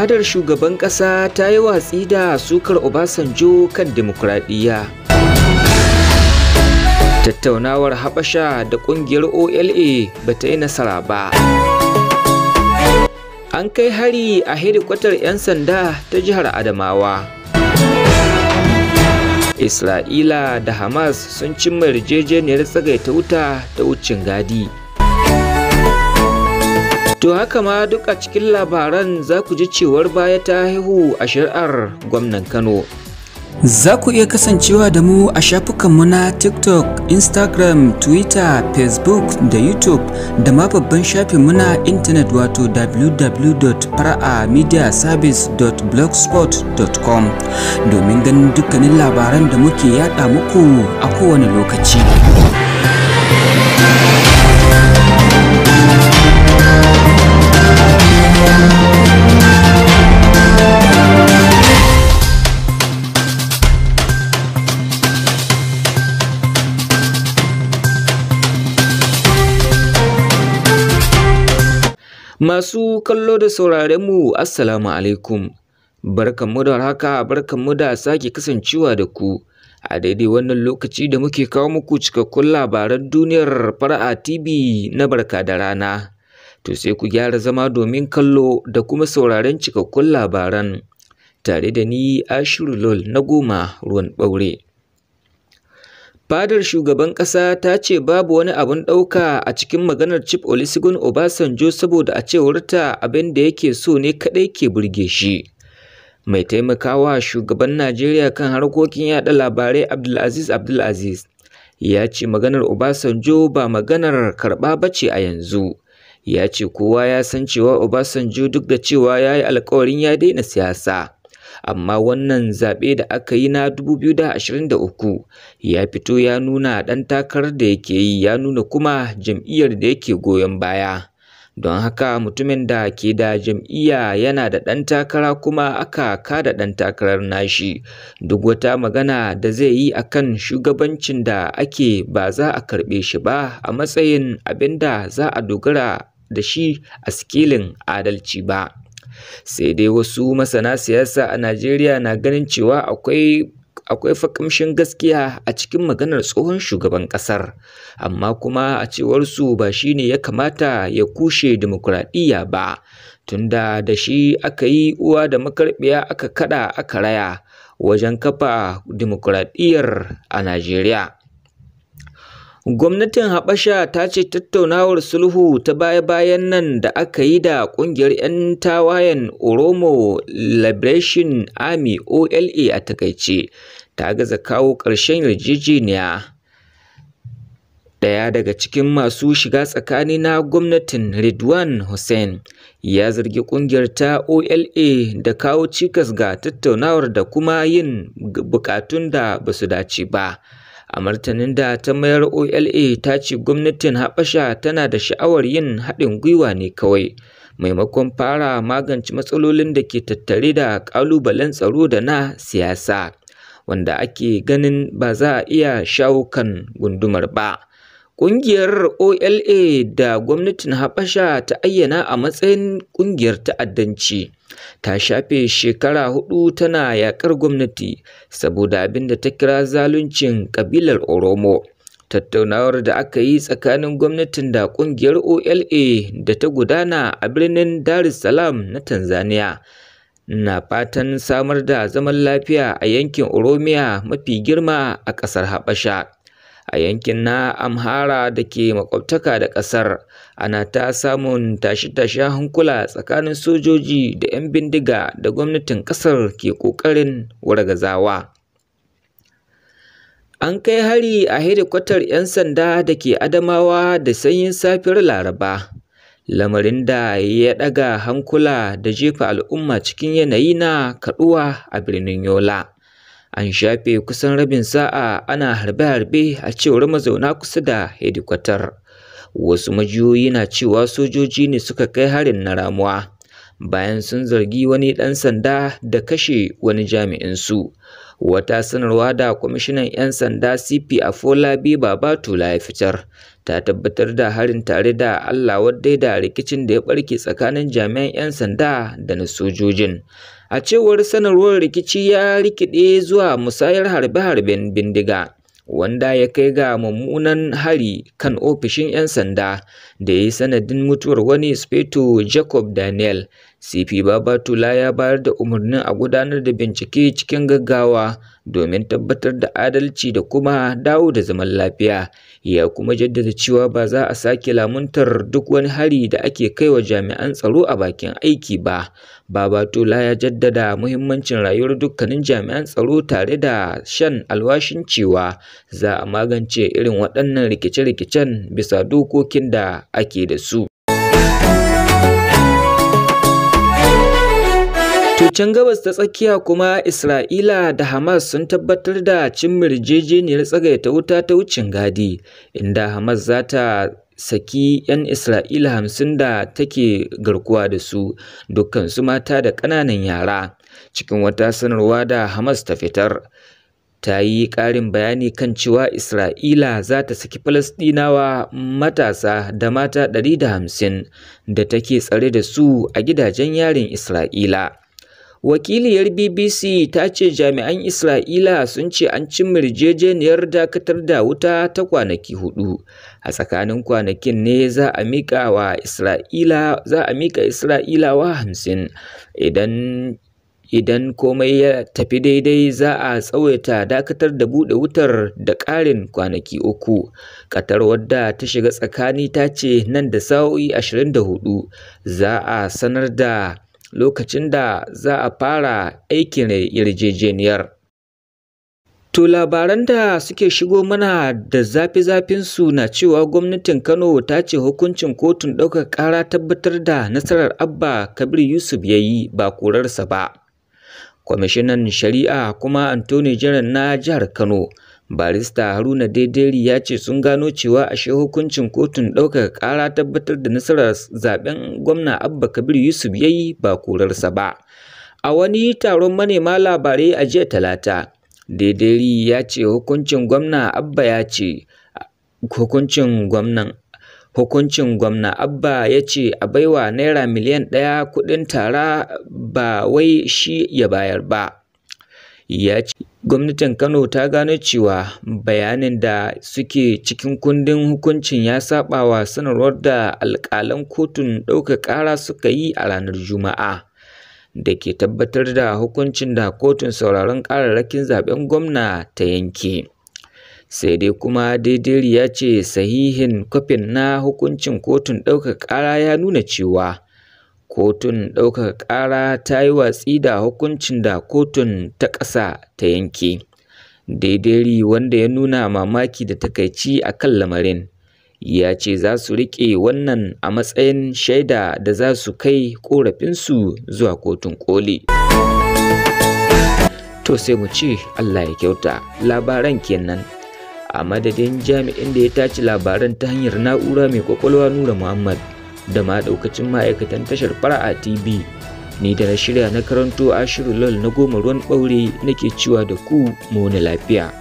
Fadar shugaban ƙasa ta yi watsi da sukar Obasanjo kan dimokuraɗiyya. Tattaunawar Habasha da ƙungiyar OLA ba ta yi nasara ba. An kai hari a hedikwatar 'yan sanda ta jihar Adamawa. Isra'ila da Hamas sun cimma yarjejeniyar tsagaita wuta ta wucin gadi. To haka ma duk a cikin labaran za ku ji cewar baya ta haihu a shari'ar gwamnan Kano. Za ku iya kasancewa da mu a shafukanmu na TikTok, Instagram, Twitter, Facebook da YouTube da ma babban shafinmu na intanet wato www.paramediaservice.blogspot.com domin ganin dukkanin labaran da muke yada muku a kowane lokaci. Masu kallo da sauraren mu Assalamu alaikum. Barkanmu da haka, barkanmu da sake kasancewa da ku a daidai wannan lokaci da muke kawo muku cikakkun labaran duniyar fara'a TV na barka da rana. To sai ku gyara zama domin kallo da kuma sauraren cikakkun labaran tare da ni ashirulol na goma ruwan ɓaure. Fadar shugaban ƙasa ta ce babu wani abin ɗauka a cikin maganar Chief Olusegun Obasanjo saboda a cewarta abin da yake so ne kaɗai ke burge shi. Mai taimakawa shugaban Najeriya kan harkokin yaɗa labarai Abdulaziz Abdulaziz ya ce maganar Obasanjo ba maganar karɓa ba ce a yanzu. Ya ce kowa ya san cewa Obasanjo duk da cewa ya yi alkawarin ya daina siyasa. amma wannan zaɓe da aka yi na 2023 ya fito ya nuna ɗan takarar da yake yi ya nuna kuma jam'iyyar da yake goyon baya don haka mutumin da ke da jam'iyya yana da ɗan takara kuma aka kada ɗan takarar nashi duk wata magana da zai yi a kan shugabancin da ake ba za a karɓe shi ba a matsayin abinda za a dogara da shi a sikilin adalci ba. sai dai wasu masana siyasa a najeriya na ganin cewa akwai akwai fakamshin gaskiya a cikin maganar tsohon shugaban ƙasar, amma kuma a cewar su ba ne ya kamata ya kushe demokuraɗiyya ba tunda da shi aka yi uwa da makarbiya aka kada aka raya wajen kafa demokuraɗiyyar a najeriya Gwamnatin Habasha ta ce tattaunawar sulhu ta baya-bayan nan da aka yi da ƙungiyar 'yan tawayen Oromo Liberation Army OLA a takaice ta gaza kawo ƙarshen yarjejeniya. Ɗaya daga cikin masu shiga tsakani na gwamnatin Ridwan Hussein ya zargi ƙungiyar ta OLA da kawo cikas ga tattaunawar da kuma yin buƙatun da ba su dace ba. A martanin da ta mayar OLA ta ce gwamnatin Habasha tana da sha'awar yin haɗin gwiwa ne kawai, maimakon fara magance matsalolin da ke tattare da ƙalubalen tsaro da na siyasa, wanda ake ganin ba za a iya shawo kan gundumar ba. Ƙungiyar OLA da gwamnatin Habasha ta ayyana a matsayin ƙungiyar ta'addanci ta shafe shekara hudu tana yaƙar gwamnati saboda abin da ta kira zaluncin ƙabilar Oromo. Tattaunawar da aka yi tsakanin gwamnatin da ƙungiyar OLA da ta gudana a birnin Dar es Salaam na Tanzania na fatan samar da zaman lafiya a yankin Oromiya mafi girma a ƙasar Habasha. a yankin na Amhara da ke makwabtaka da ƙasar. Ana ta samun tashe-tashen hankula tsakanin sojoji da 'yan bindiga da gwamnatin ƙasar ke ƙoƙarin wargazawa. An kai hari a hedikwatar 'yan sanda da ke Adamawa da sanyin safiyar Laraba, lamarin da ya ɗaga hankula da jefa al'umma cikin yanayi na kaɗuwa a birnin Yola. an shafe kusan rabin sa'a ana harbe-harbe a cewar mazauna kusa da hedikwatar wasu majiyoyi na cewa sojoji ne suka kai harin na ramuwa bayan sun zargi wani ɗan sanda da kashe wani jami'in su wata sanarwa da kwamishinan 'yan sanda cp afolabi Babatu ya fitar ta tabbatar da harin tare da allah wadda da rikicin da ya barke tsakanin jami'an 'yan sanda da na sojojin A cewar sanarwar rikici ya rikide zuwa musayar harbe-harben bindiga, wanda ya kai ga mummunan hari kan ofishin ‘yan sanda da ya yi sanadin mutuwar wani Sufeto Jacob Daniel cp Babatola ya bayar da umarnin a gudanar da bincike cikin gaggawa domin tabbatar da adalci da kuma dawo da zaman lafiya ya kuma jaddada cewa ba za a sake lamuntar duk wani hari da ake kai wa jami'an tsaro a bakin aiki ba Babatola ya jaddada muhimmancin rayuwar dukkanin jami'an tsaro tare da shan alwashin cewa za a magance irin waɗannan rikice-rikicen bisa dokokin da ake da su can Gabas ta Tsakiya kuma, Isra'ila da Hamas sun tabbatar da cimma yarjejeniyar tsagaita wuta ta wucin gadi, inda Hamas za ta saki 'yan Isra'ila hamsin da take garkuwa da su, dukkan su mata da ƙananan yara. Cikin wata sanarwa da Hamas ta fitar, ta yi ƙarin bayani kan cewa Isra'ila za ta saki Falasɗinawa matasa da mata 150 da take tsare da su a gidajen yarin Isra'ila. Wakiliyar BBC ta ce jami'an Isra'ila sun ce an cimma yarjejeniyar dakatar da wuta ta kwanaki hudu a tsakanin kwanakin ne za a mika wa Isra'ila za a Isra'ila Isra'ilawa hamsin, idan idan komai ya tafi daidai za a tsawaita dakatar da buɗe wutar da ƙarin kwanaki uku. Qatar wadda ta shiga tsakani ta ce nan da sa'o'i 24 za a sanar da lokacin da za a fara aikin yarjejeniyar. To labaran da suke shigo mana da zafi-zafinsu na cewa gwamnatin Kano ta ce hukuncin kotun ɗaukar ƙara tabbatar da nasarar Abba Kabir Yusuf ya yi ba korarsa ba. Kwamishinan Shari'a kuma Antoni Jiran na jihar Kano Barista Haruna Daideri ya ce sun gano cewa ashe hukuncin kotun ɗaukaka ƙara tabbatar da nasarar zaben gwamna Abba Kabir Yusuf ya yi ba korarsa ba. A wani taron manema labarai a jiya talata, Daideri ya ce hukuncin gwamna Abba ya ce hukuncin gwamnan hukuncin gwamna abba ya ce a baiwa naira miliyan ɗaya kuɗin tara ba wai shi ya bayar ba Gwamnatin Kano ta gano cewa bayanin da suke cikin kundin hukuncin ya saɓa wa sanarwar da alƙalan Kotun ɗaukar Ƙara suka yi a ranar Juma'a, da ke tabbatar da hukuncin da Kotun Sauraron Ƙararrakin Zaɓen Gwamna ta yanke, sai dai kuma daidai ya ce sahihin kwafin na hukuncin Kotun ɗaukar Ƙara ya nuna cewa Kotun ɗaukaka ƙara ta yi watsi da hukuncin da kotun ta ƙasa ta yanke, daidairi wanda ya nuna mamaki da takaici a kan lamarin, ya ce za su riƙe wannan a matsayin shaida da za su kai ƙorafinsu zuwa Kotun Koli. To sai mu ce Allah ya kyauta labaran kenan. A madadin jami'in da ya tace labaran ta hanyar na'ura mai kwakwalwa Nura Muhammad. da ma daukacin ma'aikatan tashar fara'a tv ni da na shirya na karanto ashiru lol na goma ruwan ɓaure nake cewa da ku mu lafiya